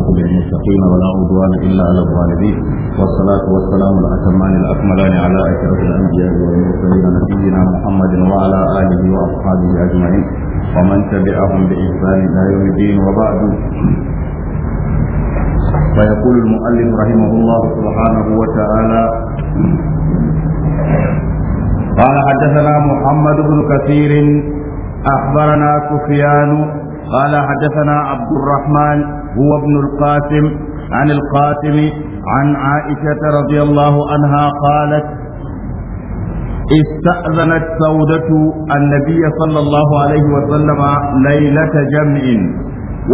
للمتقين ولا عدوان الا على الظالمين والصلاه والسلام الاتمان الاكملان على اشرف الانبياء والمرسلين نبينا محمد وعلى اله واصحابه اجمعين ومن تبعهم باحسان الى يوم الدين وبعد فيقول المؤلف رحمه الله سبحانه وتعالى قال حدثنا محمد بن كثير اخبرنا سفيان قال حدثنا عبد الرحمن هو ابن القاسم عن القاسم عن عائشة رضي الله عنها قالت استأذنت سودة النبي صلى الله عليه وسلم ليلة جمع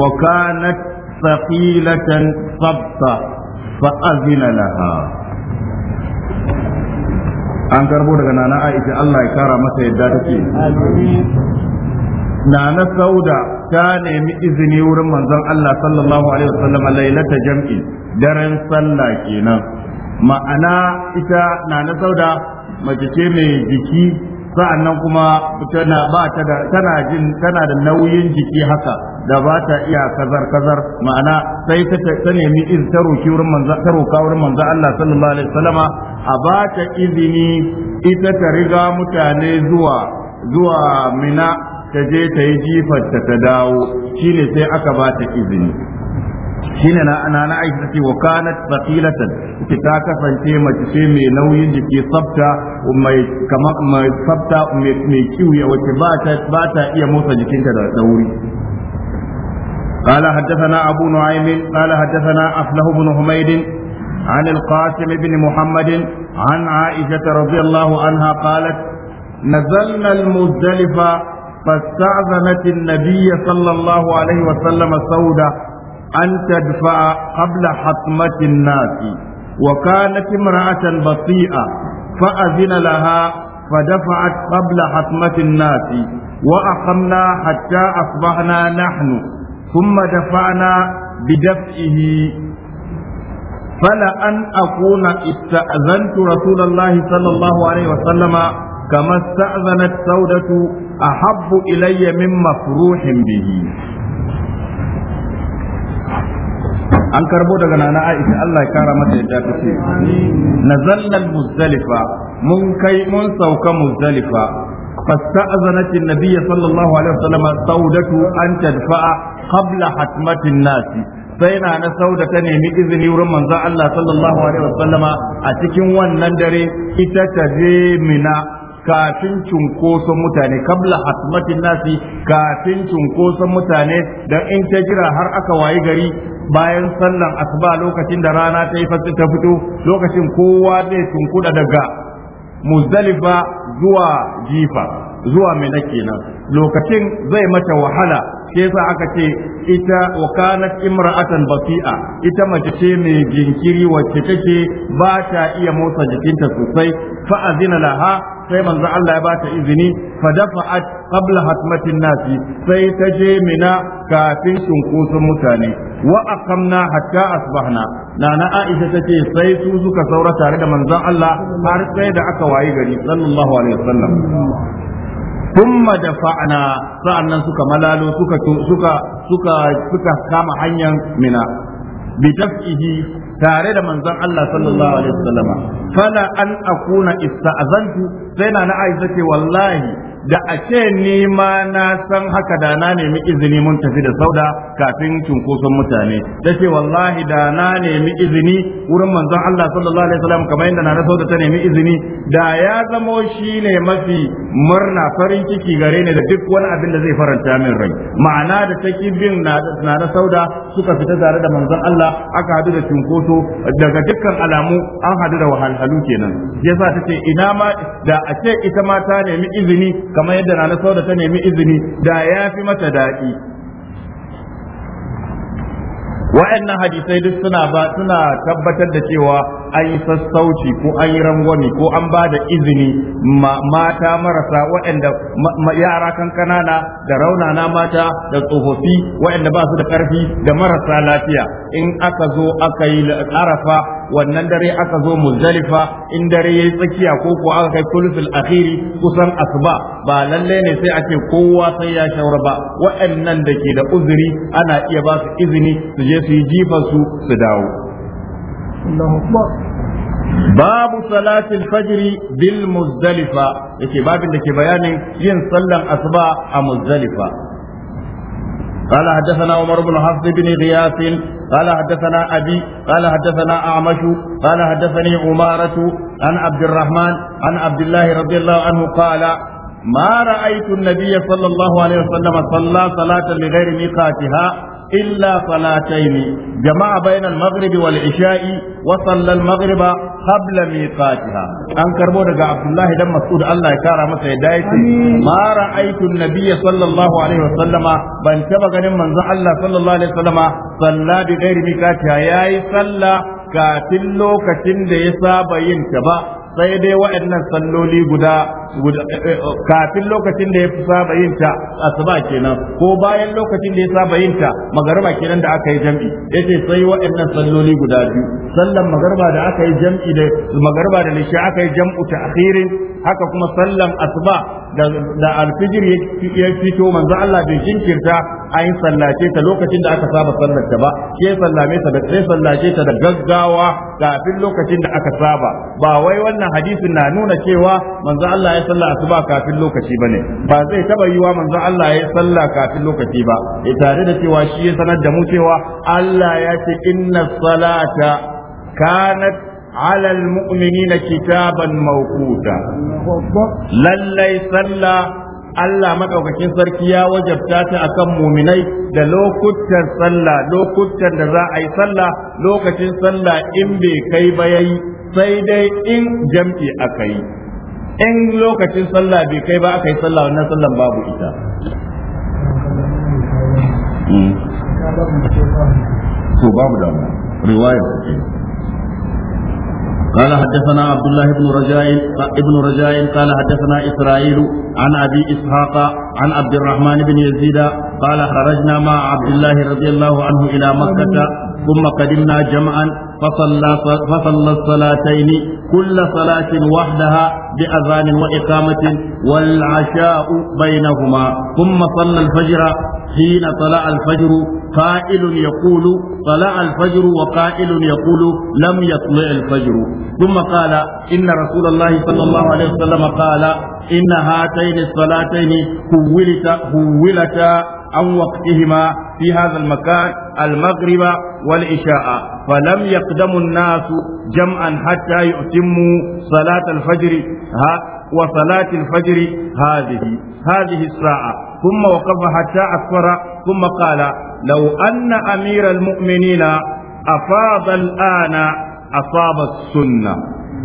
وكانت ثقيلة صبتة فأذن لها an karbo daga nana aisha Allah ya kara masa yadda take nana sauda ta nemi izini wurin manzon Allah sallallahu alaihi wasallam lailata jam'i daren sallah kenan ma'ana ita na na sauda mace ce mai jiki sa'annan kuma tana ba ta da tana jin tana da nauyin jiki haka da ba ta iya kazar kazar ma'ana sai ta ta nemi iz ta roki wurin manzo ta roka wurin manzo Allah sallallahu alaihi wasallama a ba ta izini ita ta riga mutane zuwa zuwa mina ta je ta yi jifarta ta dawo shine sai aka ba ta izini shine na na na aisha ce wa kanat thaqilatan ki ta kasance mace ce mai nauyin jiki tsafta mai kama mai tsafta mai kiwiya wace ba ta ba ta iya motsa jikinta da dauri قال حدثنا أبو نعيم قال حدثنا أفله بن حميد عن القاسم بن محمد عن عائشة رضي الله عنها قالت نزلنا المزدلفة فاستأذنت النبي صلى الله عليه وسلم سودة أن تدفع قبل حطمة الناس وكانت امرأة بطيئة فأذن لها فدفعت قبل حطمة الناس وأقمنا حتى أصبحنا نحن ثم دفعنا بدفئه فلأن أكون استأذنت رسول الله صلى الله عليه وسلم كما استأذنت a habbu إلي من مفروح به an karbo daga nana Aisha Allah ya kara mata yadda ta ce nazalla mun kai mun sauka muzdalifa fasta'zanat an-nabiy sallallahu alaihi wasallam saudatu an tadfa'a qabla hatmati an-nas sai na na sauda ta nemi izini wurin manzo Allah sallallahu alaihi wasallama a cikin wannan dare ita ta je mina kafin cunkoson mutane kabla hasmatin nasi kafin cunkoson mutane don in ta jira har aka wayi gari bayan sannan asuba lokacin da rana ta yi fasi ta fito lokacin kowa zai tunkuda daga muzdalifa zuwa jifa zuwa mina kenan lokacin zai mata wahala sai yasa aka ce ita wa kanat imra'atan basi'a ita mace ce mai jinkiri wacce take ba ta iya motsa jikinta sosai fa azina laha sai manzo Allah ya bata izini fa dafa'at qabla hatmatin nasi sai ta je mina kafin cunkoson mutane wa aqamna hatta asbahna nana Aisha tace sai su suka saura tare da manzo Allah har sai da aka wayi gari sallallahu alaihi wasallam da fa'ana sa'annan suka malalo suka suka suka kama hanyar mina bi daf'ihi tare da manzon Allah sallallahu alaihi wasallama fala an akuna ista'zantu sai na na Aisha ce wallahi da a ce ni ma na san haka da na nemi izini mun tafi da sauda kafin cunkoson mutane ta ce wallahi da na nemi izini wurin manzon Allah sallallahu alaihi wasallam kamar yadda na sauda ta nemi izini da ya zamo shi ne mafi murna farin ciki gare ni da duk wani abin da zai faranta min rai ma'ana da ta bin na na sauda suka fita tare da manzon Allah aka hadu da cunkoso daga dukkan alamu an hadu da wahalhalu kenan yasa ta ce ina ma da a ce ita ma ta nemi izini kamar yadda na nasau da ta nemi izini da ya fi mata daɗi wa'annan hadisai duk suna ba suna tabbatar da cewa an yi sassauci ko an yi rangwami ko an ba da izini mata marasa waɗanda yara kankanana da raunana mata da tsofaffi waɗanda ba su da ƙarfi da marasa lafiya in aka zo aka yi arafa wannan dare aka zo muzdalifa in dare yayi tsakiya ko ko aka kai kulufin akhiri kusan asuba ba lalle ne sai a ce kowa sai ya shawar ba waɗannan da ke da uzuri ana iya ba su izini su je su yi jifar su su dawo babu salatin fajiri bil muzdalifa yake babin da ke bayanin yin sallan asuba a muzdalifa قال حدثنا عمر بن حفص بن غياث قال حدثنا أبي قال حدثنا أعمش قال حدثني عمارة عن عبد الرحمن عن عبد الله رضي الله عنه قال ما رأيت النبي صلى الله عليه وسلم صلى صلاة لغير ميقاتها إلا صلاتين جمع بين المغرب والعشاء وصلى المغرب قبل ميقاتها أنكر بودك عبد الله دم مسعود الله يكرم سيدايتي ما رأيت النبي صلى الله عليه وسلم بان تبقى من الله صلى الله عليه وسلم صلى بغير ميقاتها يا صلى كاتلو كتن دي سابين تبا sai dai waɗannan salloli guda Eh, eh, kafin lokacin da ya fi saba yin ta asuba kenan ko bayan lokacin da ya saba yin ta magarba kenan da aka yi jam'i yace sai waɗannan salloli guda biyu sallan magarba da aka yi jam'i da magarba da lisha aka yi jam'u akhirin haka kuma sallan asuba da alfijir ya fito manzo Allah bai jinkirta a yin sallace ta lokacin da aka saba sallar ta ba sai sallame ta da sai sallace ta da gaggawa kafin lokacin da aka saba ba wai wannan hadisin na nuna cewa manzo Allah ya salla asuba kafin lokaci bane ba zai taba yiwa manzo Allah ya salla kafin lokaci ba tare da cewa shi ya sanar da mu cewa Allah ya ce inna salata kanat على المؤمنين كتابا موقوتا للي صلى Allah maɗaukakin sarki ya wajabta ta akan muminai da lokutan sallah lokutan da za a yi sallah lokacin sallah in bai kai ba yayi sai dai in jam'i aka yi in lokacin sallah bai kai ba aka yi sallah wannan sallan babu ita to babu damu riwayar ce قال حدثنا عبد الله بن رجاء ابن رجاء قال حدثنا اسرائيل عن ابي اسحاق عن عبد الرحمن بن يزيد قال خرجنا مع عبد الله رضي الله عنه الى مكه ثم قدمنا جمعا فصلى فصلى الصلاتين كل صلاه وحدها باذان واقامه والعشاء بينهما ثم صلى الفجر حين طلع الفجر قائل يقول طلع الفجر وقائل يقول لم يطلع الفجر ثم قال إن رسول الله صلى الله عليه وسلم قال إن هاتين الصلاتين هولتا هولتا عن وقتهما في هذا المكان المغرب والعشاء فلم يقدم الناس جمعا حتى يؤتموا صلاة الفجر ها وصلاة الفجر هذه هذه الساعة ثم وقف حتى أكفر ثم قال لو أن أمير المؤمنين أفاض الآن أصاب السنة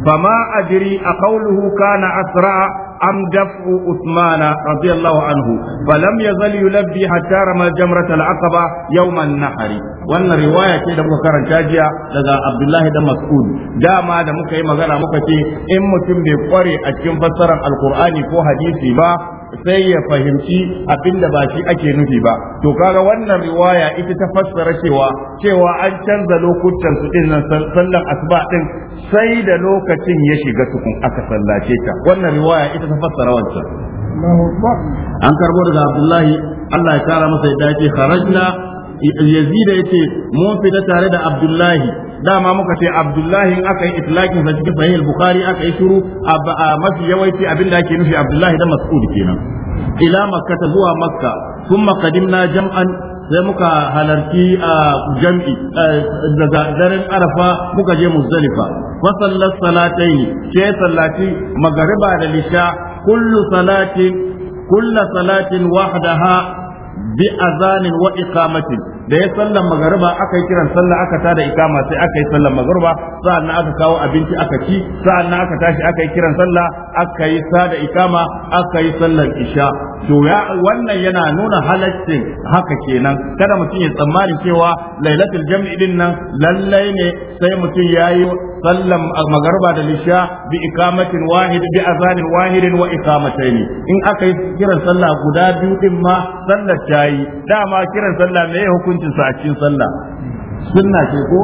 فما أدري أقوله كان أسرع أم دفع عثمان رضي الله عنه فلم يزل يلبي حتى رمى جمرة العقبة يوم النحر وأن رواية كده مكرن تاجيا لدى عبد الله بن مسعود دا ما دا مكا يما غنا مكا تي إن متم بقري أتكم فسر القرآن كو حديثي با sai ya fahimci abin da ba shi ake nufi ba to kaga wannan riwaya ita ta fassara cewa cewa an canza lokutan su din nan sallan asuba din sai da lokacin ya shiga tukun aka sallace ta wannan riwaya ita ta fassara wancan an karbo daga abdullahi Allah ya kara masa yadda yake kharajna ya yace mun fita tare da abdullahi dama muka ce abdullahi aka yi itlaqin sa cikin sahih al-bukhari aka yi shuru mafi yawanci abin da ake nufi abdullahi da mas'ud kenan ila makka zuwa makka thumma qadimna jam'an sai muka halarci a jam'i daga daren arafa muka je muzdalifa wa sallat salataini sai sallati magariba da lisha kullu salatin kullu salatin wahdaha bi azanin wa iqamatin da ya sallan magariba aka yi kiran sallah aka ta da ikama sai aka yi sallan magariba sa'an aka kawo abinci aka ci sa'an aka tashi aka yi kiran sallah aka yi da ikama aka yi sallan isha to ya wannan yana nuna halaccin haka kenan kada mutum ya tsammani cewa lailatul jam'i din nan lallai ne sai mutum ya yayi sallan magariba da lisha bi ikamatin wahid bi azanin wahidin wa ikamataini in aka yi kiran sallah guda biyu din ma sallar ta yi. dama kiran sallah me hukunci hukuncin sa a cikin sallah sunna ce ko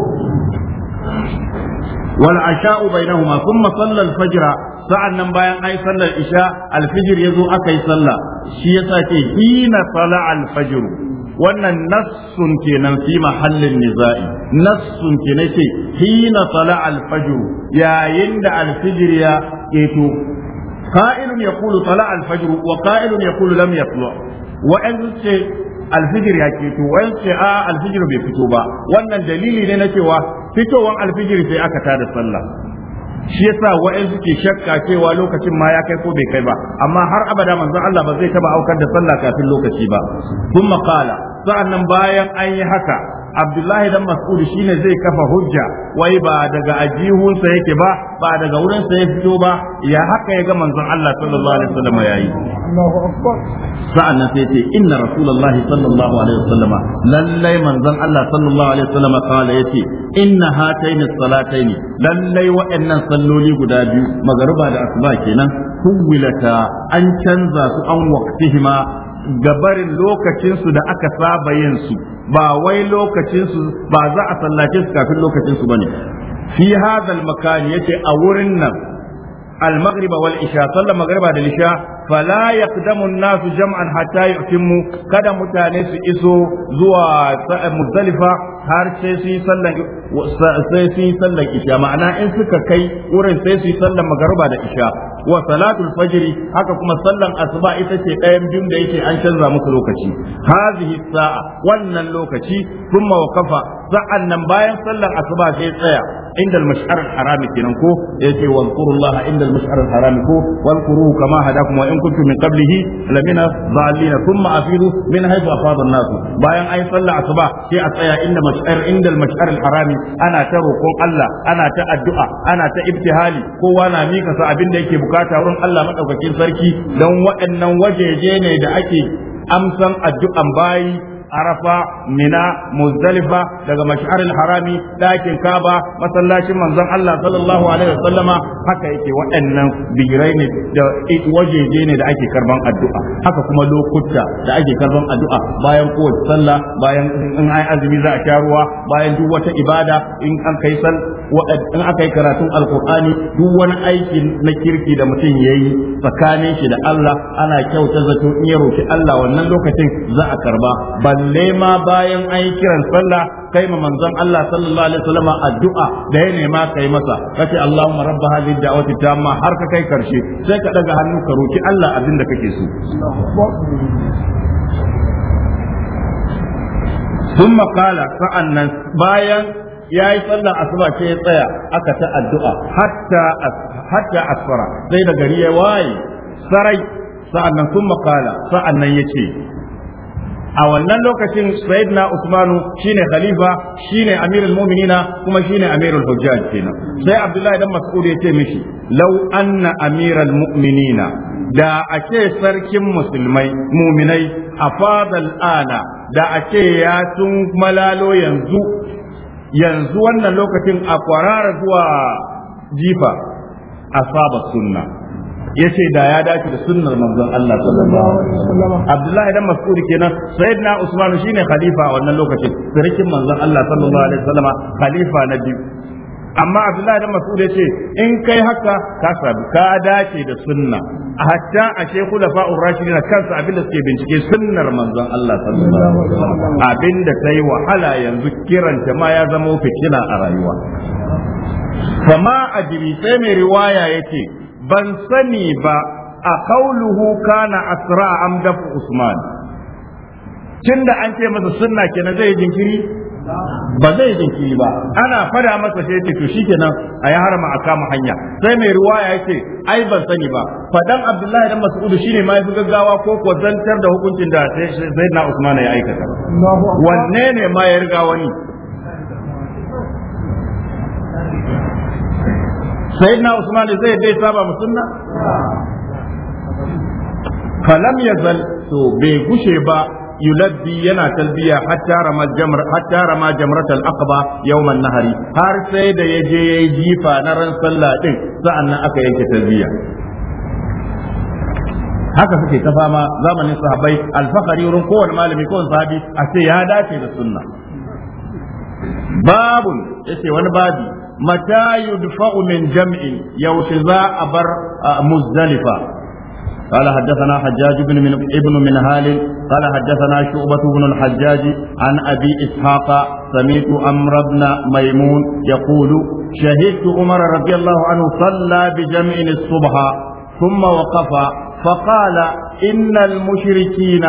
wal asha'u bainahuma thumma salla al fajr sa'an nan bayan ai sallar isha al fajr yazo aka yi sallah shi yasa ce hina sala al fajr wannan nassun kenan fi mahallin nizai nassun kenan ce hina sala al fajr yayin da al fajr ya keto قائل يقول طلع الفجر وقائل يقول لم يطلع وأنت alfijir ya keto wani ce a alfijir bai fito ba wannan dalili ne na cewa fitowar alfijir sai aka tada sallah shi yasa wa'in suke shakka cewa lokacin ma ya kai ko bai kai ba amma har abada manzon Allah ba zai taba aukar da sallah kafin lokaci ba kuma qala sa'annan bayan an yi haka abdullahi dan mas'ud shine zai kafa hujja wai ba daga ajihunsa yake ba ba daga wurinsa ya fito ba ya haka ya ga manzon Allah sallallahu alaihi wasallam yayi Allahu akbar sa'annan sai ce inna rasulullahi sallallahu alaihi wasallam lallai manzon Allah sallallahu alaihi wasallam kala yace inna hataini salataini lallai wa'annan salloli guda biyu magariba da asuba kenan kuwilata an canza su an waqtihima gabarin lokacinsu da aka saba yin su ba wai lokacinsu ba za a sallace su kafin lokacinsu bane fi hadal makani yace a wurin nan المغرب والعشاء صلى المغرب بعد العشاء فلا يقدم الناس جمعا حتى يتموا كذا متانيس إسو زوا مختلفة har sai su sallan sai sallan isha ma'ana in suka kai wurin sai suyi sallan magariba da isha wa salatul haka kuma sallan asuba ita ce ɗayan biyun da yake an canza musu lokaci hazihi sa'a wannan lokaci thumma waqafa nan bayan sallan asuba sai tsaya عند المشعر الحرام كنكو يتي واذكروا الله عند المشعر الحرام كو واذكروه كما هداكم وان كنتم من قبله لمن الضالين ثم افيضوا من حيث افاض الناس bayan ai sallar asuba sai a tsaya inda mash'ar inda mash'ar harami ana ta roƙon Allah ana ta addu'a ana ta ibtihali kowa na mika sa abin da yake bukata wurin Allah madaukakin sarki dan waɗannan wajeje ne da ake amsan addu'an bayi arafa mina muzdalifa daga mash'aril harami dakin kaba masallacin manzon Allah sallallahu alaihi wasallama haka yake waɗannan birai ne da wajeje ne da ake karban addu'a haka kuma lokuta da ake karban addu'a bayan kowace sallah bayan in ai azumi za a sha ruwa bayan duk wata ibada in an kai sallah in aka yi karatun alkur'ani duk wani aiki na kirki da mutum ya yi tsakanin shi da Allah ana kyauta zato in ya roki Allah wannan lokacin za a karba balle ma bayan an yi kiran sallah kai ma manzon Allah sallallahu alaihi wasallam addu'a da ya nema kai masa kace Allahumma rabb hadhihi da'wati tamma har ka kai karshe sai ka daga hannu ka roki Allah abin da kake so ثم قال sa'annan bayan. ya yi sallar asuba ce ya tsaya aka ta addu'a hatta asfara sai da gari ya waye sarai sa'annan sun makala sa'annan ya ce a wannan lokacin sayyidina usmanu shine khalifa shine amirul mu'minina kuma shine amirul hujjaj kenan sai abdullahi dan mas'ud ya ce mishi law anna amiral mu'minina da ake sarkin musulmai mu'minai a afadal ana da ake ya tun malalo yanzu yanzu wannan lokacin a kwarara zuwa jifa saba sunna ce da ya dace da sunnar manzon Allah sallallahu alaihi wasallam Abdullahi dan Mas'ud kenan sayyidina Usman ne khalifa a wannan lokacin sirkin manzon Allah sallallahu alaihi khalifa na biyu amma abdullahi da mas'ud yace in kai haka ka sabu ka dace da sunna hatta a shekhu lafa'ur rashidin kansa abin da suke bincike sunnar manzon Allah sallallahu alaihi wasallam abin da sai wahala yanzu kiranta ma ya zama fitina a rayuwa kama adiri sai mai riwaya yace ban sani ba a kauluhu kana asra am dafu usman tunda an ce masa sunna kenan zai jinkiri ba zai jinkiri ba ana fara masa sai ce to shikenan a ya harama a kama hanya sai mai riwaya yace ai ban sani ba fadan Abdullahi dan Mas'ud shine ma yafi gaggawa ko ko zantar da hukuncin da sai na Usman ya aikata wanne ne ma ya riga wani sayyidina Usman zai bai saba musunna falam yazal to bai gushe ba yulabbi yana talbiya hatta rama jamr hatta rama jamrat al-aqaba yawm an-nahari har sai da yaje yayi jifa na ran sallah din sa'annan aka yanke talbiya haka suke ta fama zamanin sahabbai alfahari wurin kowane malami kowane sahabi a ce ya dace da sunna babun yace wani babi mata yudfa'u min jam'in yaushe za a bar muzdalifa قال حدثنا حجاج بن من ابن منهال قال حدثنا شعبة بن الحجاج عن أبي إسحاق سمعت أمر بن ميمون يقول شهدت عمر رضي الله عنه صلى بجمع الصبح ثم وقف فقال إن المشركين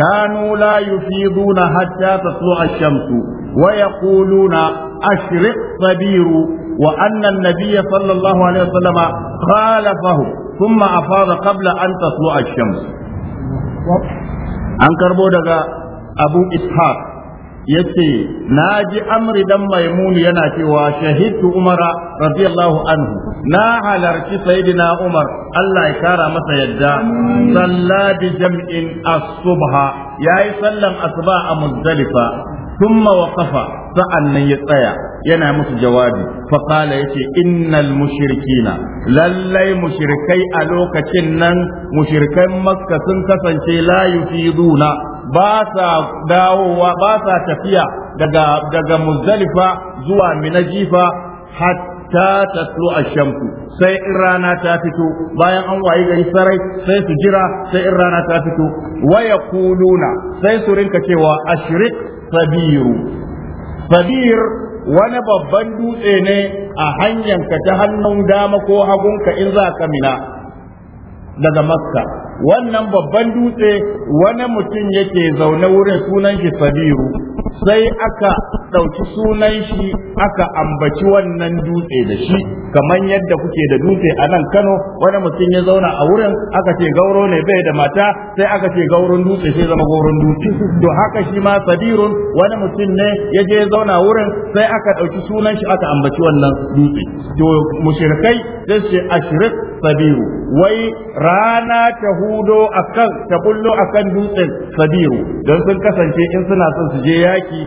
كانوا لا يفيضون حتى تطلع الشمس ويقولون أشرق صبير وأن النبي صلى الله عليه وسلم خالفهم ثم أفاض قبل أن تطلع الشمس أن كربو أبو ya ce na ji amri dan maimun yana cewa shahiddu Umar, radiyallahu anhu na halarci sayyidina umar Allah ya kara masa yadda Salladi bi jam'in as-subha yayi sallan asuba a muzdalifa thumma waqafa sa'annan ya tsaya yana musu jawabi fa qala yace innal na? lallai mushrikai a lokacin nan mushrikan makka sun kasance la yufiduna ba sa tafiya daga daga muzdalifa zuwa minajifa hatta ta tatlu a shamsu sai in rana ta fito bayan an wayi gari sarai sai su jira sai in rana ta fito wa yaquluna sai su rinka cewa ashrik sabiru sabir wani babban dutse ne a hanyanka ta hannun dama ko hagunka in za ka mina daga makka wannan babban dutse wani mutum yake zaune wurin sunan shi sabiru sai aka ɗauki sunan shi aka ambaci wannan dutse da shi kamar yadda kuke da dutse a nan kano wani mutum ya zauna a wurin aka ce gauro ne bai da mata sai aka ce gauron dutse sai zama gauron dutse to haka shi ma sabirun wani mutum ne ya je zauna wurin sai aka ɗauki sunan shi aka ambaci wannan dutse to mushirkai sai shi ashirin. sabiru wai rana ta hudo akan ta kullo akan dutsen sabiru don sun kasance in suna son su je yaki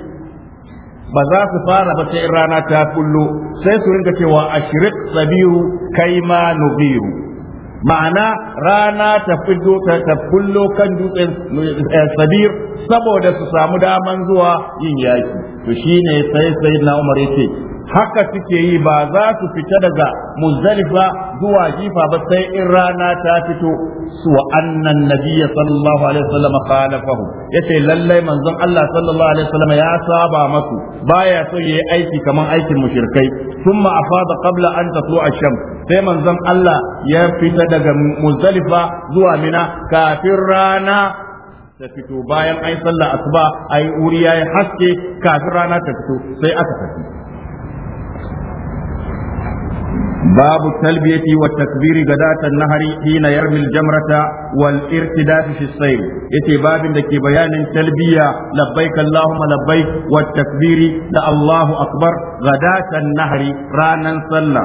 ba za su fara ba sai rana ta kullo sai su ringa cewa ashirin sabiru kai ma nubiru ma'ana rana ta fito ta kullo kan dutsen eh, sabir saboda su samu daman zuwa yin yaki to shine sai sai na umar yace haka suke yi ba za su fita daga muzdalifa zuwa jifa ba sai in rana ta fito su wa annan nabiyya sallallahu alaihi wasallam khalafahu yace lallai manzon Allah sallallahu alaihi wasallam ya saba masu baya so yayi aiki kaman aikin mushrikai thumma afada qabla an tatlu ash-shams sai manzon Allah ya fita daga muzdalifa zuwa mina kafin rana ta fito bayan ai sallah asuba ai wuri yayi haske kafin rana ta fito sai aka tafi باب التلبية والتكبير غداة النهر حين يرمي الجمرة والارتداد في الصيف يتي باب لك بيان تلبية لبيك اللهم لبيك والتكبير لا الله أكبر غداة النهر رانا صلى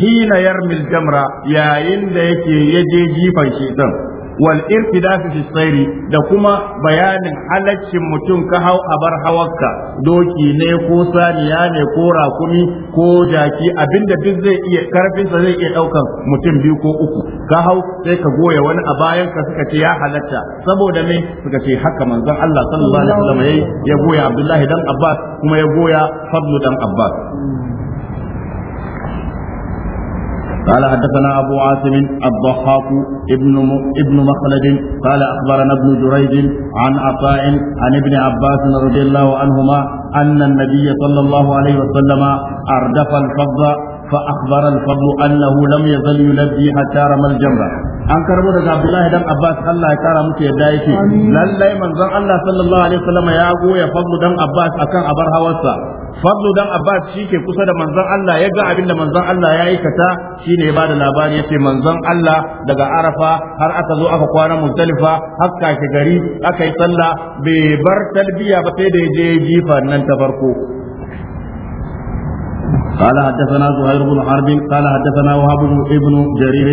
حين يرمي الجمرة يا إن يجي جيفا شيطان wal irtidafi fi sayri da kuma bayanin halaccin mutum ka hau a bar hawarka doki ne ko saniya ne ko rakumi ko jaki abinda duk zai iya karfinsa zai iya daukan mutum biyu ko uku ka hau sai ka goya wani a bayan ka suka ce ya halatta saboda me suka ce haka manzon Allah sallallahu alaihi wasallam ya goya Abdullahi dan Abbas kuma ya goya Fadlu dan Abbas قال حدثنا أبو عاصم الضحاك ابن م... ابن مخلد قال أخبرنا ابن جريج عن عطاء عن ابن عباس رضي الله عنهما أن النبي صلى الله عليه وسلم أردف الفضل فأخبر الفضل أنه لم يزل يلبي حتى رمى الجمرة an karbo daga Abdullahi dan Abbas Allah ya kara musu yadda yake lallai manzon Allah sallallahu alaihi wasallam ya goya fadlu dan Abbas akan abar hawarsa fadlu dan abbas ke kusa da manzon Allah ya ga abin da manzon Allah ya aikata shine ya bada labari yace manzon Allah daga arafa har aka zo aka kwana muzdalifa har kashi gari aka yi sallah bai bar talbiya ba sai da ya je jifa nan ta farko قال حدثنا زهير بن حرب قال حدثنا وهب بن جرير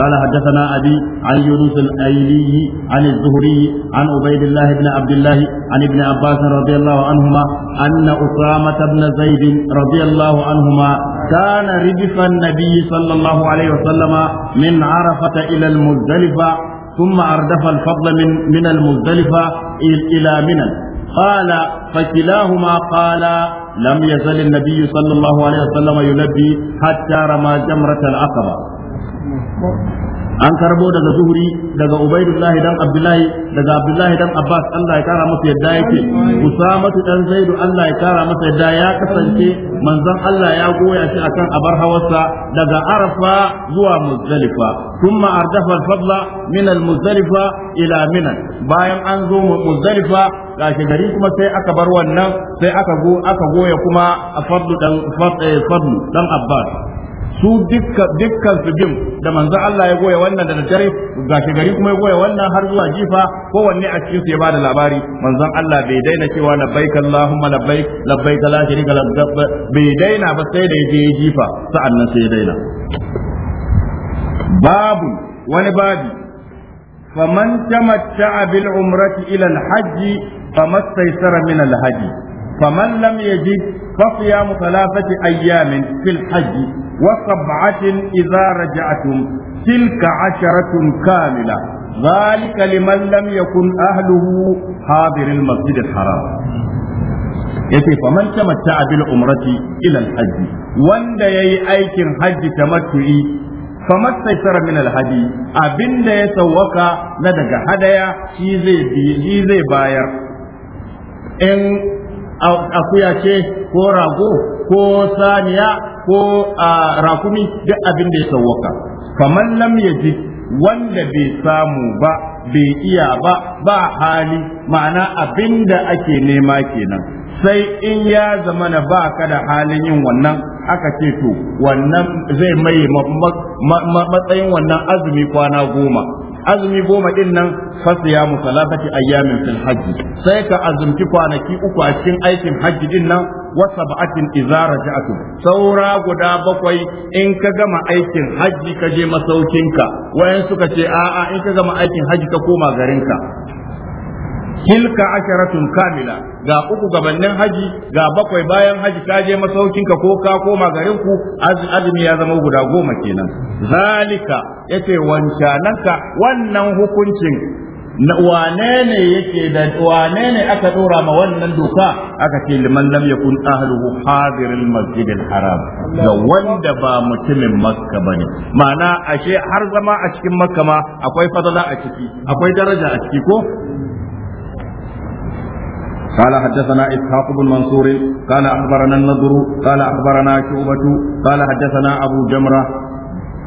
قال حدثنا أبي عن يونس الأيلي عن الزهري عن عبيد الله بن عبد الله عن ابن عباس رضي الله عنهما أن أسامة بن زيد رضي الله عنهما كان ردف النبي صلى الله عليه وسلم من عرفة إلى المزدلفة ثم أردف الفضل من من المزدلفة إلى منى قال فكلاهما قالا لم يزل النبي صلى الله عليه وسلم يلبي حتى رمى جمرة العقبة an karbo daga zuhuri daga ubaidullahi dan abdullahi daga abdullahi dan abbas Allah ya kara masa yadda yake usamatu dan zaidu Allah ya kara masa yadda ya kasance manzon Allah ya goya shi akan abar hawarsa daga arafa zuwa muzdalifa kuma ardafa fadla min muzdalifa ila mina bayan an zo muzdalifa gashi gari kuma sai aka bar wannan sai aka go aka goya kuma fablu dan eh, fadlu dan abbas su dukkan su bin da manzo Allah ya goya wannan da dare gashi gari kuma ya goya wannan har zuwa jifa kowanne a cikin su ya bada labari manzon Allah bai daina cewa labbaik Allahumma labbaik labbaik la sharika lak bai daina ba sai da yaje jifa sa'annan sai ya daina babu wani babi faman tamatta'a bil umrati ila al hajji famastaysara min al hajji faman lam yajid فصيام ثلاثة أيام في الحج وسبعة إذا رجعتم تلك عشرة كاملة ذلك لمن لم يكن أهله حاضر المسجد الحرام yace faman tamatta bil umrati ila al wanda yayi aikin hajji tamattu'i famat saysara min alhaji. abinda ya sawwaka na daga hadaya shi zai shi zai bayar in akuya ce ko rago ko saniya ko rakumi duk abin da ya sauwaka kamar lam yaji wanda bai samu ba bai iya ba ba hali ma'ana abin da ake nema kenan sai in ya zama na ba ka da halin yin wannan aka ce to wannan zai mai matsayin wannan azumi kwana goma azumi goma din nan fasiya mu salatati ayyamin fil hajji sai ka azumci kwanaki uku a cikin aikin hajji din nan wa sab'atin idza raja'tum saura guda bakwai in ka gama aikin hajji ka je masaukinka wayan suka ce a'a in ka gama aikin hajji ka koma garinka tilka asharatun kamila ga uku gabanin haji ga bakwai bayan haji ka je masaukin ka ko ka koma garin ku azumi ya zama guda goma kenan zalika yace wancananka wannan hukuncin wane ne yake da wane ne aka dora ma wannan doka aka ce liman lam yakun ahluhu hadiril masjidil haram ga wanda ba mutumin makka bane ma'ana ashe har zama a cikin makka ma akwai fadala a ciki akwai daraja a ciki ko قال حدثنا إسحاق بن منصور قال أخبرنا النضر قال أخبرنا شعبة قال حدثنا أبو جمرة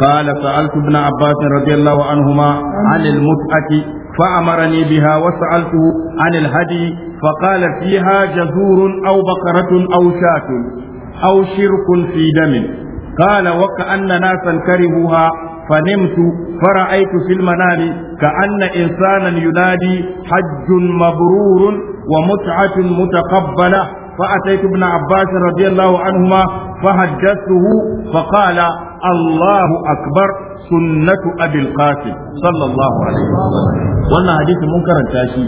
قال سألت ابن عباس رضي الله عنهما عن المتعة فأمرني بها وسألته عن الهدي فقال فيها جزور أو بقرة أو شاة أو شرك في دم قال وكأن ناسا كرهوها فنمت فرأيت في المنام كأن إنسانا ينادي حج مبرور ومتعة متقبلة فأتيت ابن عباس رضي الله عنهما فهجته فقال Allahu akbar sunnatu abil qasim sallallahu alaihi wasallam wannan hadisi mun karanta shi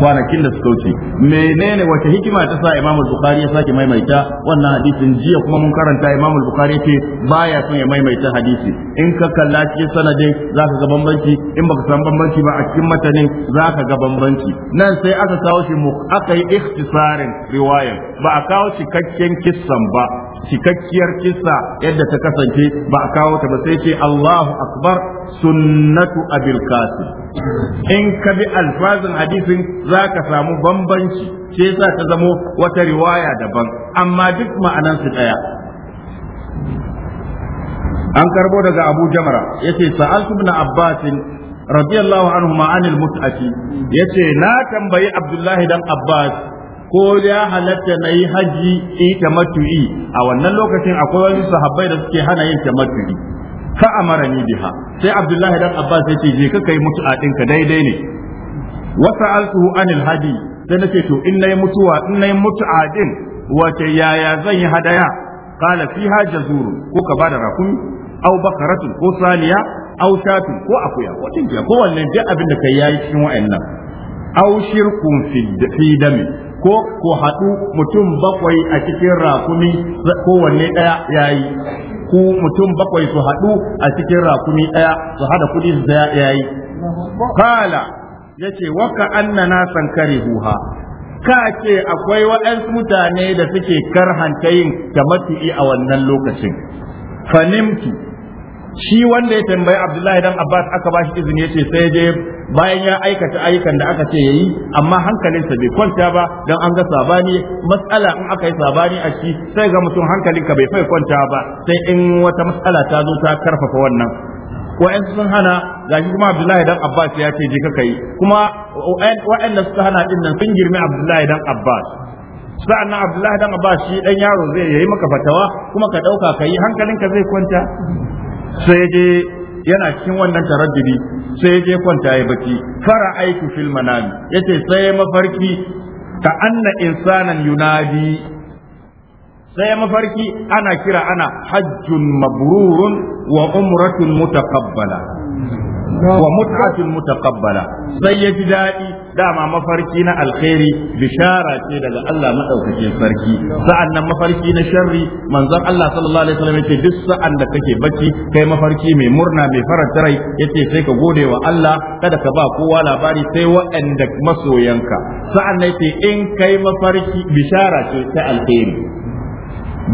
kwanakin da suka wuce menene wace hikima ta sa Imam Bukhari ya sake maimaita wannan hadisin jiya kuma mun karanta Imam Bukhari ce baya son ya maimaita hadisi in ka kalla cikin sanadin zaka ga bambanci in baka san bambanci ba a cikin matanin zaka ga bambanci nan sai aka kawo shi mu aka yi ikhtisarin riwayan, ba a kawo cikakken kissan ba cikakkiyar kissa yadda ta kasance ba a kawo ta ba sai ce Allahu akbar sunnatu abil in ka bi alfazin hadisin zaka samu bambanci sai za ta zamo wata riwaya daban amma duk ma'anan su daya an karbo daga Abu Jamra yace sa'altu ibn Abbas radiyallahu anhu ma'anil mut'ati yace na tambayi Abdullahi dan Abbas ko ya halatta na yi haji ita matu'i a wannan lokacin akwai wani sahabbai da suke hana yin ta matu'i fa ni biha sai abdullahi dan abbas ya ce je ka kai a ɗinka daidai ne wa sa'altuhu anil haji sai nace to in nayi mutuwa in nayi mutu'a din wace yaya zan yi hadaya qala fiha jazurun ko ka bada rakumi aw bakaratun ko saniya aw shatun ko akuya ko tinkiya ko wannan duk abin da kai yayi cikin wa'annan aw shirkun fi dami ko ku haɗu mutum bakwai a cikin rakumi kowanne ɗaya yayi ku mutum bakwai su haɗu a cikin rakumi ɗaya su haɗa kuɗi su yayi kala yace waka annana buha. ka ce akwai waɗansu mutane da suke karhanta yin tamattu'i a wannan lokacin fanimtu shi wanda ya tambayi Abdullahi dan Abbas aka ba shi izini yace sai je bayan ya aikata ayyukan da aka ce yayi amma hankalinsa bai kwanta ba dan an ga sabani matsala in aka yi sabani a shi sai ga mutum hankalinka bai fai kwanta ba sai in wata matsala ta zo ta karfafa wannan wa'ansu sun hana gashi kuma Abdullahi dan Abbas ya ce je ka yi kuma wa'anda suka hana din nan sun girmi Abdullahi dan Abbas sa'an Abdullahi dan Abbas shi dan yaro zai yayi maka fatawa kuma ka dauka kai hankalinka zai kwanta sai je yana cikin wannan taraddudi sai je kwanta ya bacci fara aiki fil manami yace sai mafarki ka anna insanan yunadi sai mafarki ana kira ana hajjun mabrurun wa umratun mutaqabbala wa ta mutaqabbala sai ya ji daɗi dama mafarki na alkhairi bishara ce daga Allah madaukakin sarki sa'an nan mafarki na sharri manzon Allah sallallahu alaihi wasallam duk sa'anda kake bacci kai mafarki mai murna mai faranta rai yace sai ka gode wa Allah kada ka ba kowa labari sai waɗanda masoyanka sa'an nan in kai mafarki bishara ce ta alkhairi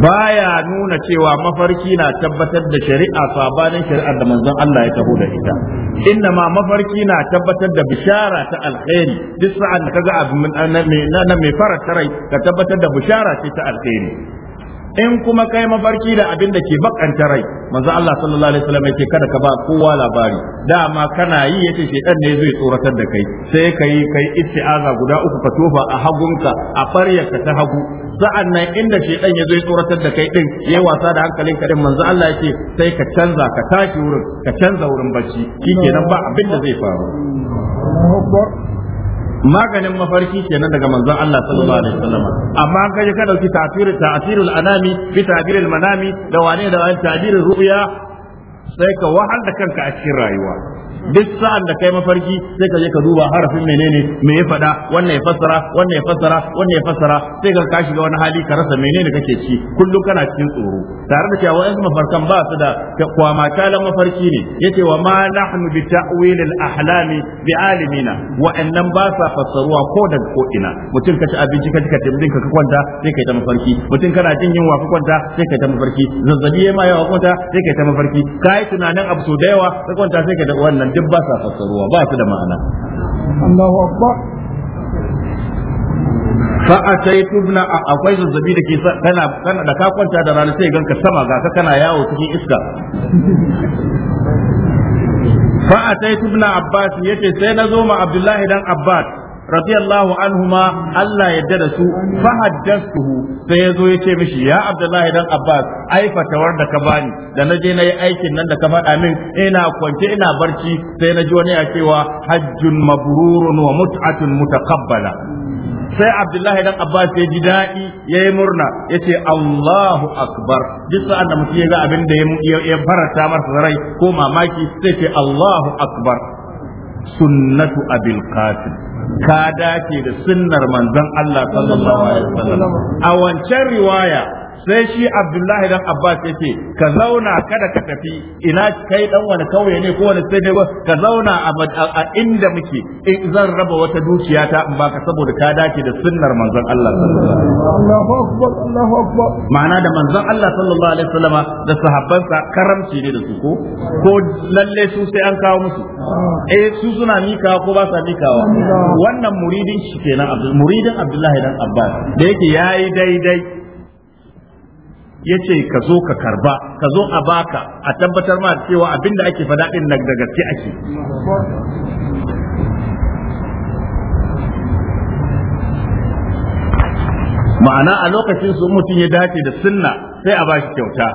baya nuna cewa mafarki na tabbatar da shari'a sabanin shari'ar da manzon Allah ya taho da ita inna ma mafarki na tabbatar da bishara ta alkhairi duk sa'an da kaga abu na mai fara tarai ka tabbatar da bishara ce ta alkhairi in kuma kai mafarki da abin da ke bakanta rai manzo Allah sallallahu alaihi wasallam yake kada ka ba kowa labari dama kana yi yace shedan ne zai tsoratar da kai sai kai kai isti'aza guda uku ka tofa a hagunka a faryarka ta hagu sa'an nan inda shedan ya zai tsoratar da kai din yayi wasa da hankalin ka din manzo Allah yake sai ka canza ka tashi wurin ka canza wurin bacci shikenan ba abin da zai faru maganin mafarki kenan daga manzon Allah sallallahu alaihi wasallam amma kaje ka dauki ta'sir ta'sirul anami bi ta'biril manami da wane da wane ta'birul ru'ya sai ka wahal da kanka a cikin rayuwa duk sa'an da kai mafarki sai ka je ka duba harafin menene me ya faɗa wannan ya fassara wannan ya fassara wannan ya fassara sai ka kashi ga wani hali ka rasa menene kake ci kullum kana cikin tsoro tare da cewa wa'ansu mafarkan ba su da kwama kalan mafarki ne yace wa ma nahnu bi ta'wil al ahlam bi alimina wa'annan ba sa fassaruwa ko da ko ina mutum ka ci abinci ka ci ka tambin ka kwanta sai kai ta mafarki mutum kana jin yunwa ka kwanta sai kai ta mafarki zazzabi ya ma yawa kwanta sai kai ta mafarki kai tunanin abu da yawa ka kwanta sai kai da wannan duk ba sa fassaruwa ba su da ma'ana Allahu akbar fa ataitu ibn akwai zazzabi da ke kana kana da ka kwanta da rana sai ganka sama ga ka kana yawo cikin iska fa ataitu ibn abbas yace sai na zo ma abdullahi dan abbas radiyallahu anhuma Allah yadda da su fa haddathuhu sai yazo ce mishi ya Abdullahi dan Abbas Aifatawar da ka bani da naje yi aikin nan da ka faɗa min ina kwance ina barci sai na ji wani ya cewa hajjun mabrurun wa ta mutaqabbala sai Abdullahi dan Abbas ya ji daɗi ya yi murna ya ce Allahu Akbar duk sa'an da mutum ya ga abin da ya farata masa rai ko mamaki sai ce Allahu Akbar sunnatu abil qasim ka dace da sunnar manzon Allah sallallahu alaihi wasallam a wancan riwaya sai shi abdullahi dan abbas yace ka zauna kada ka tafi ina kai dan wani kauye ne ko wani sai ne ka zauna a inda muke in zan raba wata dukiya ta in baka saboda ka dace da sunnar manzon Allah sallallahu alaihi wasallam Allahu akbar Allahu ma'ana da manzon Allah sallallahu alaihi wasallama da sahabbansa karamci ne da su ko ko lalle su sai an kawo musu ah. eh su suna mikawa ko ba sa mikawa wannan muridin shi kenan muridin Abdullahi dan Abbas da yake yayi daidai Yace ce ka zo ka karba ka zo a baka a tabbatar ma cewa abinda ake faɗa ɗin da gaske ake ma'ana a lokacin su mutum ya dace da sunna sai a bashi kyauta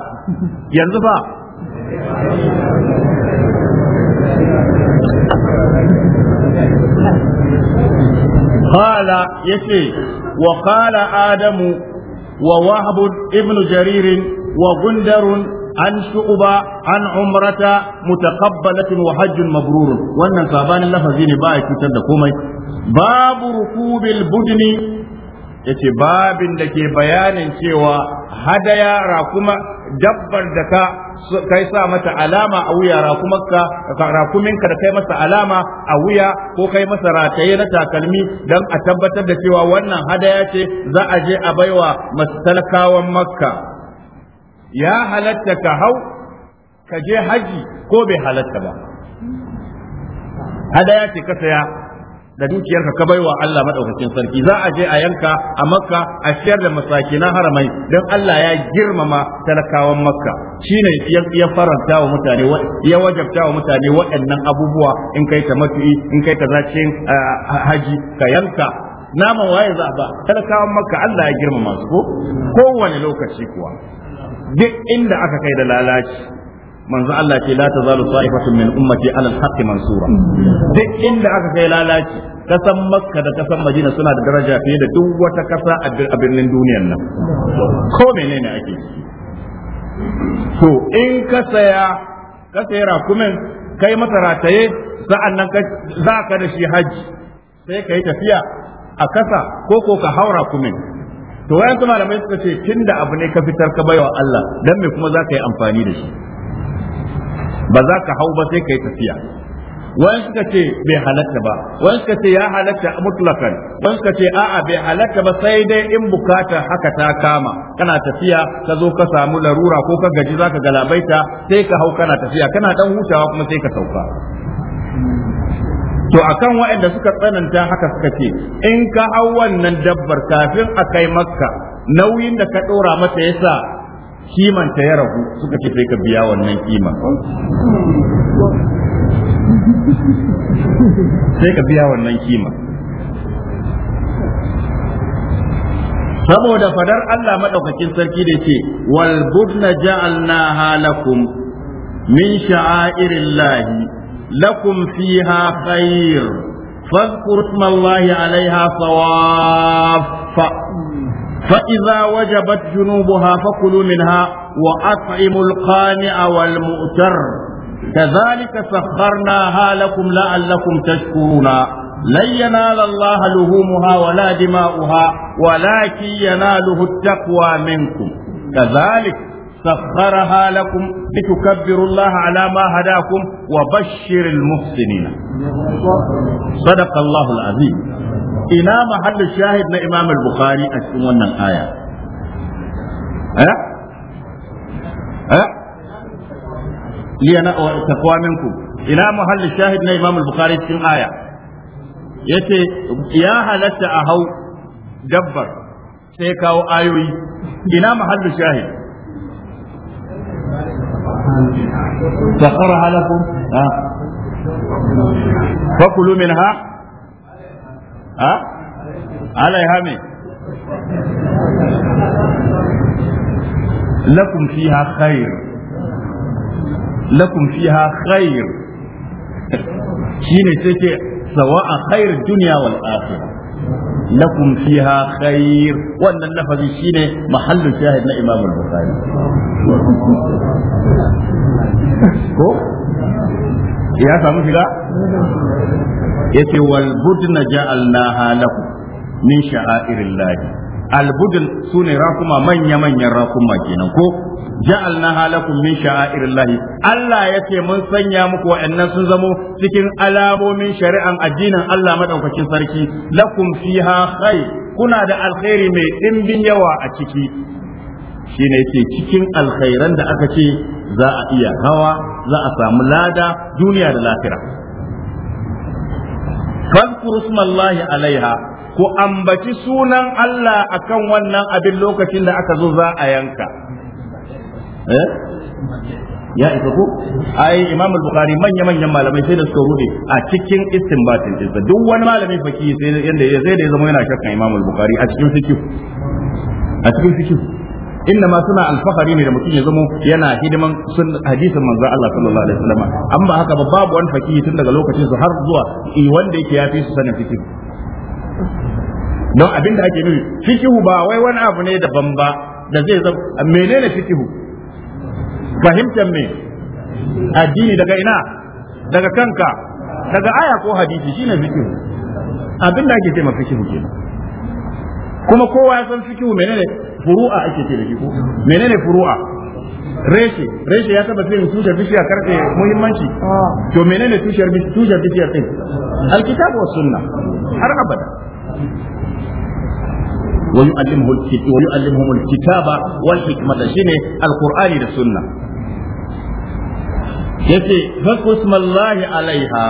yanzu ba. Hala yace wa kala Adamu. ووهب ابن جرير وغندر عن شعبة عن عمرة متقبلة وحج مبرور وأن صابان اللفظين بايك تدقومي باب ركوب البدن yace babin da ke bayanin cewa hadaya rakuma dabbar da ka kai sa mata alama a wuya rakuminka da kai masa alama a wuya ko kai masa rataye na takalmi don a tabbatar da cewa wannan hadaya ce za a je a baiwa masu makka ya halatta ka hau ka je haji ko bai halatta ba hadaya ce ka saya da dukiyarka ka baiwa Allah madaukakin sarki za a je a yanka a makka a shayar da masakina haramai don Allah ya girmama talakawan makka shine ya faranta wa mutane ya wajabta wa mutane waɗannan abubuwa in kai ta matu'i in kai ta zacin haji ka yanka naman waye za ba talakawan makka Allah ya girmama su ko kowane lokaci kuwa duk inda aka kai da lalaci manzo Allah ce la zalu ta'ifatun min ummati ala al mansura duk inda aka kai lalaci kasan makka da kasan madina suna da daraja fiye da duk wata kasa a birnin duniyar nan ko menene ake to in ka saya ka saya rakumin kai masa rataye sa'an nan za ka da shi Hajji sai ka yi tafiya a kasa ko ko ka haura kumin to wayan malamai suka ce tunda abu ne ka fitar ka baiwa Allah dan me kuma za ka yi amfani da shi ba za ka hau ba sai ka yi tafiya wani suka ce bai halatta ba wani suka ce ya halatta mutlakan wani suka ce a'a bai halatta ba sai dai in bukata haka ta kama kana tafiya ka zo ka samu larura ko ka gaji ka galabaita sai ka hau kana tafiya kana dan hutawa kuma sai ka sauka to akan waɗanda suka tsananta haka suka ce in ka hau wannan dabbar kafin a kai makka nauyin da ka ɗora mata yasa kimanta ya ragu suka ce sai ka biya wannan kiman sai ka biya wannan kima saboda fadar Allah madaukakin sarki da ce wal budna ja'alna halakum min sha'airillahi lakum fiha khair fadhkuru isma alaiha sawaffa فإذا وجبت جنوبها فكلوا منها وأطعموا القانع والمؤتر كذلك سخرناها لكم لعلكم تشكرون لن ينال الله لهومها ولا دماؤها ولكن يناله التقوى منكم كذلك سخرها لكم لتكبروا الله على ما هداكم وبشر المحسنين صدق الله العظيم ina mahallu shahid na imam al-bukhari a cikin wannan aya eh eh liyana wa taqwa minkum ina mahallu shahid na imam al-bukhari cikin aya yace ya halatta a hau dabbar sai kawo ayoyi ina mahallu shahid سخرها لكم فكلوا منها ha alaiha me lakum fiha khair lakum fiha khair shine take sawa'a khair dunya wal akhirah lakum fiha khair wannan lafazi ne mahallin shahid na Imam Bukhari ko ya samu shiga ce wal budna ja'alnaha lakum min sha'airillah al budn sune rakuma manya manyan rakuma kenan ko ja'alnaha lakum min lahi. Allah ce mun sanya muku wa'annan sun zamo cikin alamomin shari'an addinin Allah madaukakin sarki lakum fiha khair kuna da alkhairi mai dimbin yawa a ciki shine yace cikin alkhairan da aka ce za a iya hawa za a samu lada duniya da lafira fadkur ismallahi alaiha ku ambaci sunan Allah akan wannan abin lokacin da aka zo za a yanka eh ya isa ko ai imam al-bukhari manya manyan malamai sai da suka rude a cikin istinbatin din duk wani malami faki sai yanda ya zai da ya zama yana shakkan imam al-bukhari a cikin fiqh a cikin fiqh inna ma suna alfahari ne da mutum ya zamo yana hidiman sun hadisin manzo Allah sallallahu alaihi wasallam an ba haka ba babu wani fakihi tun daga lokacin su har zuwa eh, wanda yake yafi su sanin fikihu don abin da ake nufi fikihu ba wai wani abu ne daban ba da zai zama menene fikihu fahimtar me addini daga ina daga kanka daga aya ko hadisi shine fikihu abin da ake ce ma fikihu kenan kuma kowa ya san fikihu menene furu'a ake ce da shi ko menene furu'a reshe reshe ya taba tsayin tushen bishiya karfe muhimmanci ah. to menene tushen tushar bishiyar din alkitabu was sunna har abada ويعلمه الكتاب ويعلمهم الكتاب والحكمة شنو القرآن والسنة yace fakku smallahi alaiha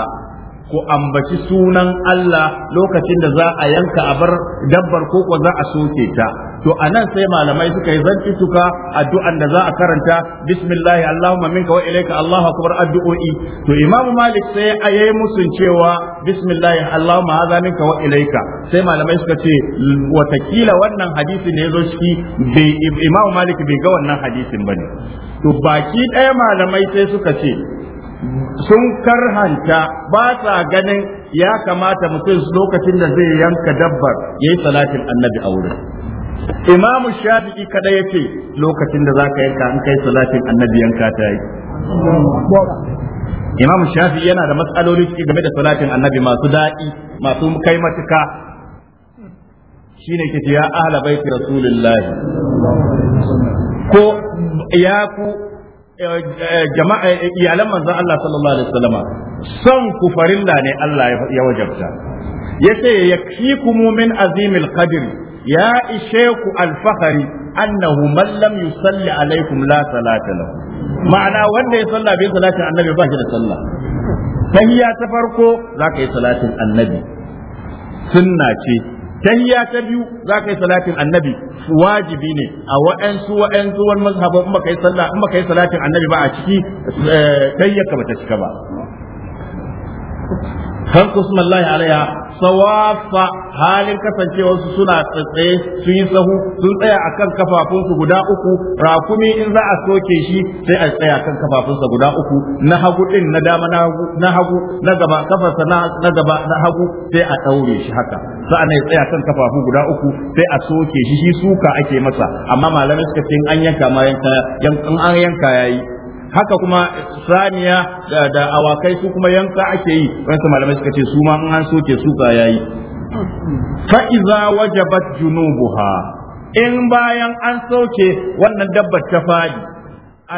ku ambaci sunan Allah lokacin da za a yanka a bar dabbar koko za a soke ta to anan sai malamai suka yi suka addu'an da za a karanta bismillah allahumma minka wa ilayka allahu akbar addu'o'i to imam malik sai ayayi musun cewa bismillah allahumma hadha minka wa ilayka sai malamai suka ce watakila wannan hadisi ne yazo ciki imam malik bai ga wannan hadisin bane to baki ɗaya malamai sai suka ce sun karhanta ba sa ganin ya kamata mutum lokacin da zai yanka dabbar yayi salatin annabi a wurin imamu shafi'i kada ce lokacin da zaka yanka an kai salatin annabi yanka ta yi imamu shafi'i yana da matsaloli game da salatin annabi masu dadi, masu kai matuka shine kike ya ahla baiti rasulullah ko ya ku eh, eh, jama'a eh, iyalan manzon Allah sallallahu alaihi wasallama son ku farilla ne Allah ya wajabta yace yakfikum min azimil qadri ya ishe ku alfahari annahu man lam yusalli la salata ma'ana wanda ya salla bai salatin annabi ba shi da sallah tahiyya ta farko zaka yi salatin annabi sunna ce tahiyya ta biyu zaka yi salatin annabi wajibi ne a wa'ansu wa'ansu wani mazhabin in baka yi yi salatin annabi ba a ciki tahiyyarka bata cika ba kan kusmallahi alaiha sawafa halin kasancewar su suna tsaye su yi sahu sun tsaya akan kafafunsu guda uku rakumi in za a soke shi sai a tsaya kan kafafunsa guda uku na hagu din na dama na hagu na gaba kafarsa na gaba na hagu sai a daure shi haka sa'an ya tsaya kan kafafu guda uku sai a soke shi shi suka ake masa amma malamai suka ce an yanka ma yanka an yanka yayi haka kuma saniya da awakai su kuma yanka ake yi wani malamai suka ce su ma an an soke suka yayi fa'iza wajabat junubuha in bayan an soke wannan dabbar ta fadi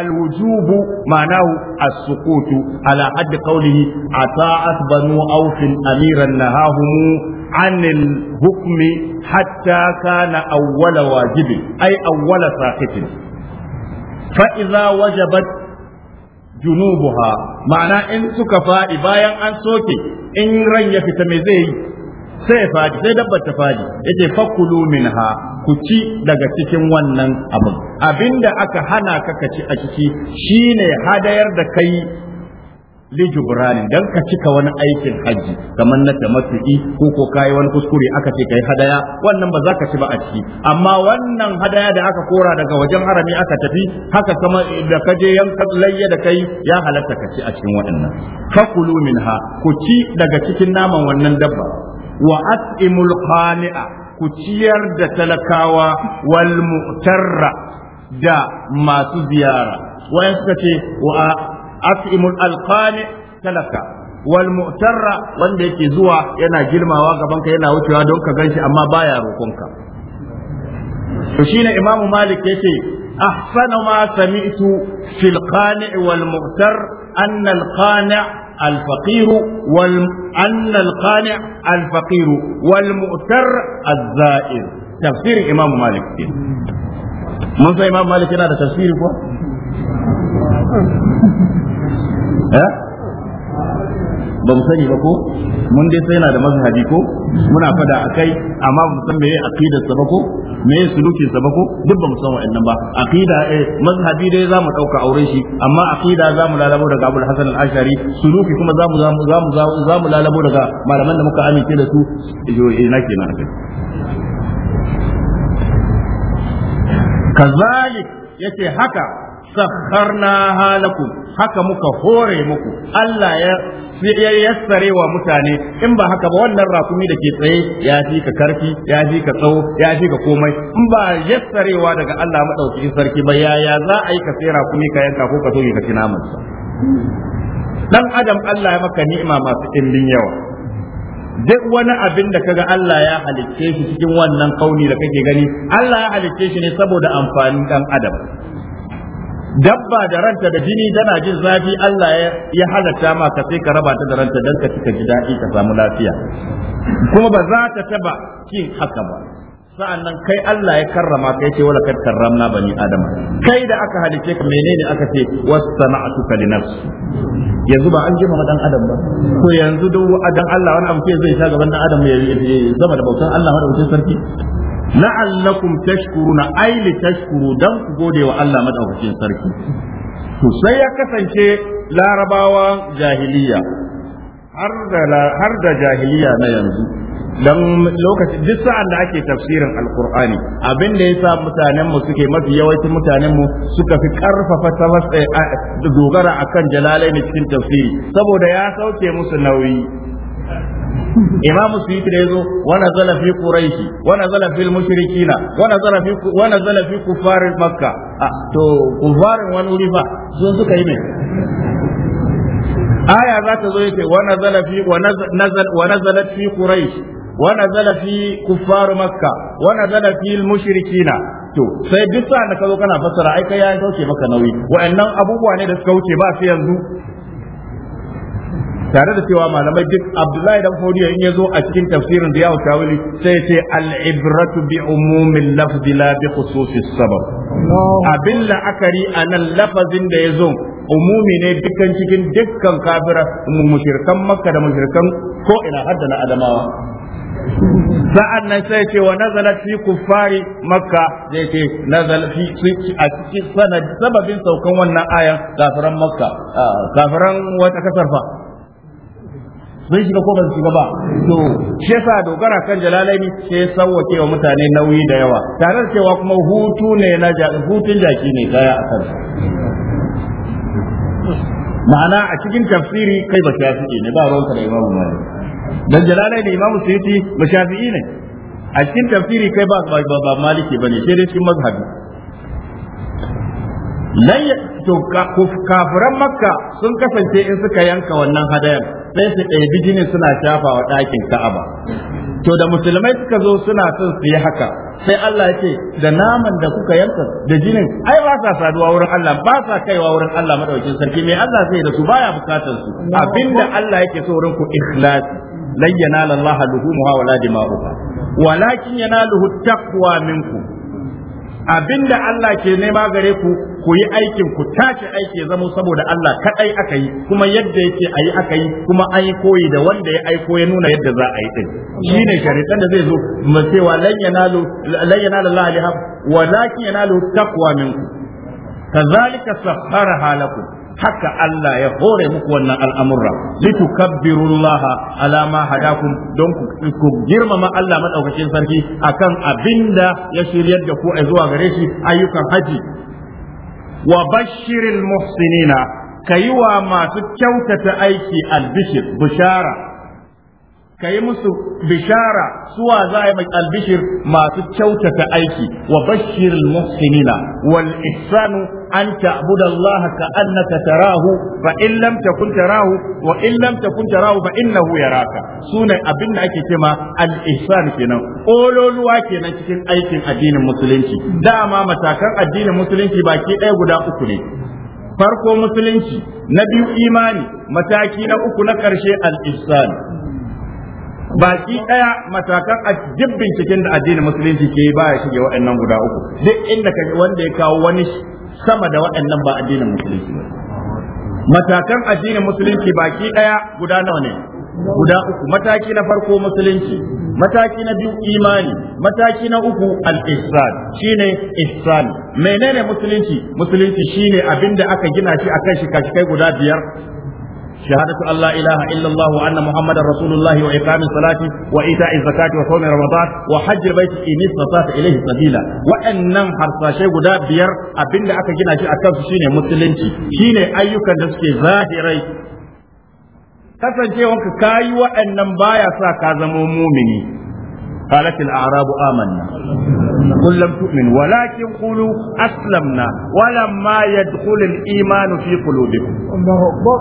alwujubu ma'ana as-sukutu ala haddi qawlihi ata'at banu awfin amiran nahahum عن الحكم حتى Awwala أول واجب Awwala أول ساقط فإذا وجبت junubuha ma'ana in suka faɗi bayan an soke in ran ya fita me zai yi sai faɗi sai dabbar ta fadi yace fakulu minha ku ci daga cikin wannan abin abinda aka hana ka ka ci a ciki shine hadayar da kai li dan ka cika wani aikin haji kamar na tamattu'i ko ko kai wani kuskure aka ce kai hadaya wannan ba za ka ci ba a ciki amma wannan hadaya da aka kora daga wajen harami aka tafi haka kama da kaje yanka yankan layya da kai ya halatta ka ci a cikin waɗannan fakulu minha ku ci daga cikin naman wannan dabba wa at'imul qani'a ku ciyar da talakawa wal mu'tarra da masu ziyara wayan suka ce wa at'imul alqani talaka walmu'tarra wanda yake zuwa yana girmawa gaban ka yana wucewa don ka ganshi amma baya roƙonka to shine imam malik yace ahsana ma sami'tu fil qani' wal mu'tar anna al qani' الفقير وال... أن القانع الفقير والمؤتر الزائر تفسير إمام مالك من إمام Eh? ba mu sani ba ko mun dai sai yana da mazhabi ko muna fada akai amma mu san meye aqidar sa ba ko meye sulukin sa ba ko duk ba mu san wa'annan ba aqida eh mazhabi dai zamu dauka auren shi amma aqida zamu lalabo daga Abu Hasan al-Ashari suluki kuma zamu zamu zamu lalabo daga malaman da muka amince da su ina eh, kenan kai kazalik yace haka sakharna halakum haka muka hore muku Allah ya ya yassare wa mutane in ba haka ba wannan rakumi da ke tsaye ya fi ka karfi ya fi ka tsawo ya fi ka komai in ba yassarewa daga Allah madaukakin sarki ba yaya za a yi ka sai rakumi ka yanka ko ka so ka ci naman dan adam Allah ya maka ni'ima masu ɗimbin yawa duk wani abin da kaga Allah ya halicce shi cikin wannan kauni da kake gani Allah ya halicce shi ne saboda amfanin dan adam dabba da ranta da jini tana jin zafi Allah ya halatta ma ka sai ka raba ta da ranta dan ka cika ji daɗi ka samu lafiya kuma ba za ta taba kin haka ba sa'annan kai Allah ya karrama kai ce wala kad karramna bani adama kai da aka halice ka menene aka ce wasana'tuka li nafs yanzu ba an jima dan adam ba to yanzu duk dan Allah wani amfani zai sha gaban dan adam ya zama da bautan Allah wuce sarki la'allakum tashkuruna ai li tashkuru dan ku gode wa Allah madaukakin sarki to sai ya kasance larabawa jahiliya har da har da jahiliya na yanzu dan lokaci duk sa'an da ake tafsirin alqur'ani abin da yasa mutanen mu suke mafi yawancin mutanen mu suka fi karfafa dogara akan jalalaini cikin tafsiri saboda ya sauke musu nauyi imamu suyuti da yazo wana zala fi quraishi wana zala fil mushrikina wa nazala fi wa nazala fi kufarin makka ah, to kufarin wani wuri fa su suka yi ne aya za ta zo yace wana zala fi wa nazala wa nazalat fi quraish wa fi kuffar makka wa nazala fi al mushrikina to sai duk sa'an da ka zo kana fassara ai kai ya kauce maka nauyi wa'annan abubuwa ne da suka wuce ba su yanzu tare da cewa malamai duk Abdullahi dan Fodiyo in yazo a cikin tafsirin Diyahu Tawili sai ce al-ibratu bi umumin lafzi la bi khususis sabab abin la'akari a nan lafazin da yazo umumi ne dukkan cikin dukkan kafira mushrikan Makka da mushrikan ko ina hadda na Adamawa sa'an nan sai ce wa nazalat fi kuffari makka zai ce nazal fi a cikin sanad sababin saukan wannan ayan kafiran makka ah, kafiran wata kasar fa sun shiga ko ba su shiga ba to shi yasa dogara kan jalalaini sai sauwake wa mutane nauyi da yawa tare da cewa kuma hutu ne na hutun jaki ne kaya a kansa ma'ana a cikin tafsiri kai ba shafi'i ne ba ruwanka da imamu malik dan jalalaini imamu suyuti ba shafi'i ne a cikin tafsiri kai ba ba maliki bane sai dai cikin mazhabi lan to kafiran makka sun kasance in suka yanka wannan hadayar sai su ɗebi jinin suna shafa wa ɗakin ka'aba to da musulmai suka zo suna son su yi haka sai Allah ya ce da naman da kuka yanka da jinin ai ba sa saduwa wurin Allah ba sa kaiwa wurin Allah madaukin sarki me Allah zai da su baya bukatar su abinda Allah yake so wurin ku ikhlasi lan yanala Allah luhumuha wala dima'uha walakin yanaluhu taqwa minkum abinda Allah ke nema gare ku ku yi aikin ku tashi aiki ya zamo saboda Allah kadai aka yi kuma yadda yake ayi aka yi kuma an yi koyi da wanda ya aiko ya nuna yadda za a yi din ne sharitan da zai zo mu cewa lan yanalu lan yanalu Allah alihab walakin yanalu taqwa minkum kazalika sakharaha halaku. haka Allah ya hore muku wannan al'amurra litukabbirullaha ala ma hadakum don ku girmama Allah maɗaukacin sarki akan abinda ya shiryar da ku a zuwa gare shi ayyukan haji wa bashiril muhsinina yi wa masu kyautata aiki albishir bishara ka yi musu bishara suwa za a yi albishir masu kyautata aiki wa bashir muhsinina wal ihsanu an ta'budu Allah ka annaka tarahu fa in lam takun tarahu wa in lam takun tarahu fa innahu yaraka sunan abin da ake cewa al ihsan kenan ololuwa kenan cikin aikin addinin musulunci dama matakan addinin musulunci baki ɗaya guda uku ne farko musulunci na biyu imani mataki na uku na ƙarshe al ihsan baki daya matakan a jibbin cikin da addinin musulunci ke yi baya shige waɗannan guda uku duk inda ka wanda ya kawo wani sama da waɗannan ba addinin musulunci ba matakan addinin musulunci baki daya guda nawa ne guda uku mataki na farko musulunci mataki na biyu imani mataki na uku al-ihsan shine ihsan menene musulunci musulunci shine abinda aka gina shi akan shi kai guda biyar شهادة أن لا إله إلا الله وأن محمد رسول الله وإقام الصلاة وإيتاء الزكاة وصوم رمضان وحج البيت إن استطعت إليه سبيلا وأن حرصاشي غدا بير أبن أكا جنا جي أكاف شيني مسلم شيني أيوكا نسكي ظاهري kasancewanka ka yi waɗannan baya sa ka zama mumini قالت الأعراب آمنا قل لم تؤمن ولكن قولوا أسلمنا ولما يدخل الإيمان في قلوبكم الله أكبر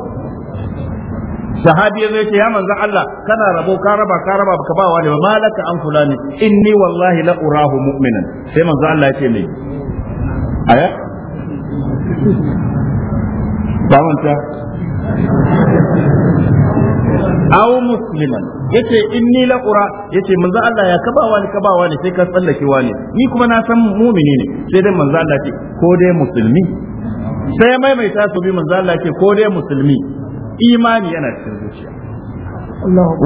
sahabi ya ce ya manzon Allah kana rabo ka raba ka raba ka ba wani malaka an fulani inni wallahi la urahu mu'minan sai manzon Allah ya ce me aya ba manta aw musliman yace inni la qura yace manzo Allah ya kaba wani kaba wani sai ka tsallake wani ni kuma na san mu'mini ne sai dai manzo Allah ce ko dai musulmi sai maimaita su bi manzo Allah ce ko dai musulmi imani yana cikin zuciya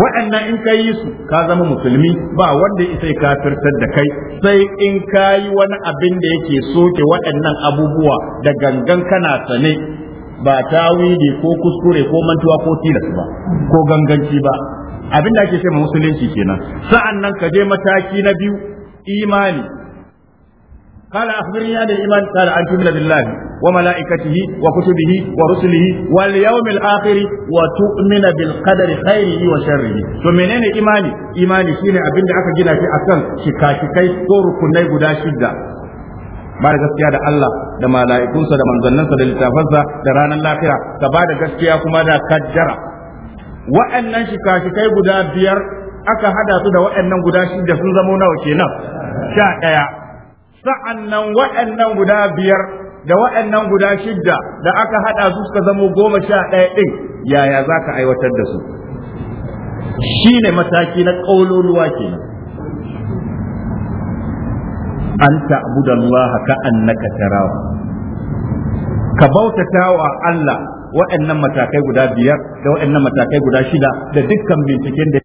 waɗannan in ka yi su ka zama musulmi ba wanda isa kafirtar da kai sai in ka yi wani abin da yake soke waɗannan abubuwa da gangan kana sane ba tawili ko kuskure ko mantuwa ko tilas ba ko ganganci ba abin da ake ce musulunci kenan sa'an nan ka je mataki na biyu imani قال أخبرني عن الإيمان قال أن تؤمن بالله وملائكته وكتبه ورسله واليوم الآخر وتؤمن بالقدر خيره وشره فمنين إيماني إيماني شيني أبن أكا جنا في أكل شكا شكاي تور كني بدا شدة bada gaskiya da Allah da mala'ikunsa da manzanninsa, da littafansa da ranar lafira ka bada gaskiya kuma da kaddara wa'annan shika-shikai guda biyar aka hada su da wa'annan guda shida sun zamo nawa kenan sha ɗaya sa'annan waɗannan guda biyar da waɗannan guda shidda da aka haɗa su suka zamo goma sha ɗaya ɗin yaya za ka aiwatar da su shi ne mataki na ƙauloluwa ke. an ta'budu Allah ka annaka tarawa. ka bautata wa Allah waɗannan matakai guda biyar da waɗannan matakai guda shida da dukkan binciken da